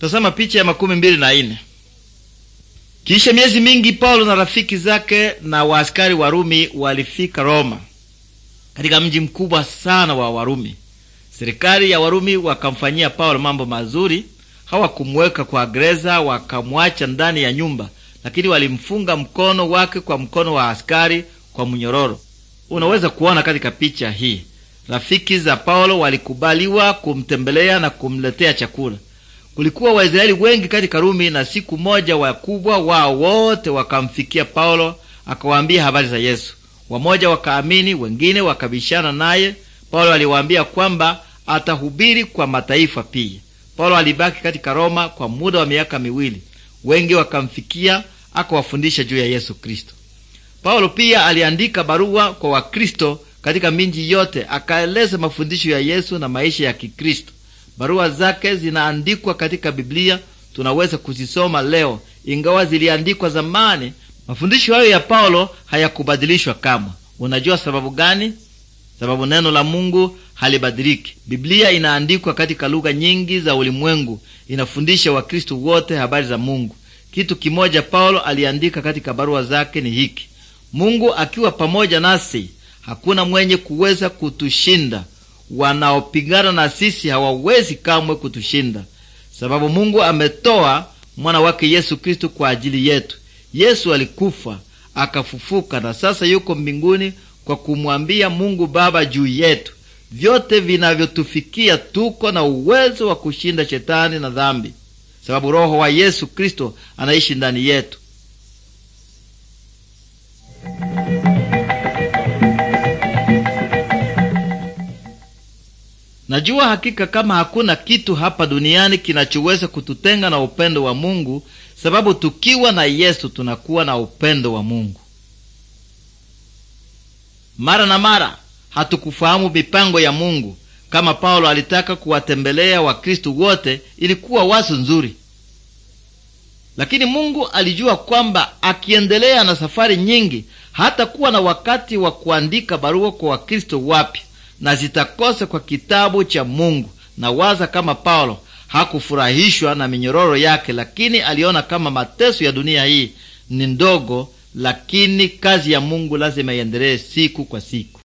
Tazama picha ya makumi mbili na ine. Kisha miezi mingi Paulo na rafiki zake na waaskari Warumi walifika Roma, katika mji mkubwa sana wa Warumi. Serikali ya Warumi wakamfanyia Paulo mambo mazuri. Hawakumweka kwa gereza, wakamwacha ndani ya nyumba, lakini walimfunga mkono wake kwa mkono wa askari kwa mnyororo. Unaweza kuona katika picha hii, rafiki za Paulo walikubaliwa kumtembelea na kumletea chakula kulikuwa Waisraeli wengi katika Rumi, na siku moja wakubwa wao wote wakamfikia Paulo, akawaambia habari za Yesu. Wamoja wakaamini, wengine wakabishana naye. Paulo aliwaambia kwamba atahubiri kwa mataifa pia. Paulo alibaki katika Roma kwa muda wa miaka miwili. Wengi wakamfikia akawafundisha juu ya Yesu Kristo. Paulo pia aliandika barua kwa Wakristo katika minji yote, akaeleza mafundisho ya Yesu na maisha ya Kikristo. Barua zake zinaandikwa katika Biblia, tunaweza kuzisoma leo, ingawa ziliandikwa zamani. Mafundisho hayo ya Paulo hayakubadilishwa kamwe. Unajua sababu gani? Sababu neno la Mungu halibadiliki. Biblia inaandikwa katika lugha nyingi za ulimwengu, inafundisha Wakristu wote habari za Mungu. Kitu kimoja Paulo aliandika katika barua zake ni hiki: Mungu akiwa pamoja nasi, hakuna mwenye kuweza kutushinda wanaopigana na sisi hawawezi kamwe kutushinda, sababu Mungu ametoa mwana wake Yesu Kristu kwa ajili yetu. Yesu alikufa akafufuka, na sasa yuko mbinguni kwa kumwambia Mungu Baba juu yetu. Vyote vinavyotufikia, tuko na uwezo wa kushinda shetani na dhambi, sababu Roho wa Yesu Kristo anaishi ndani yetu. Najua hakika kama hakuna kitu hapa duniani kinachoweza kututenga na upendo wa Mungu, sababu tukiwa na Yesu tunakuwa na upendo wa Mungu. Mara na mara hatukufahamu mipango ya Mungu. Kama Paulo alitaka kuwatembelea wakristu wote, ilikuwa wazo nzuri, lakini Mungu alijua kwamba akiendelea na safari nyingi hata kuwa na wakati wa kuandika barua kwa Wakristo wapya na zitakosa kwa kitabu cha Mungu. Na waza kama Paulo hakufurahishwa na minyororo yake, lakini aliona kama mateso ya dunia hii ni ndogo, lakini kazi ya Mungu lazima iendelee siku kwa siku.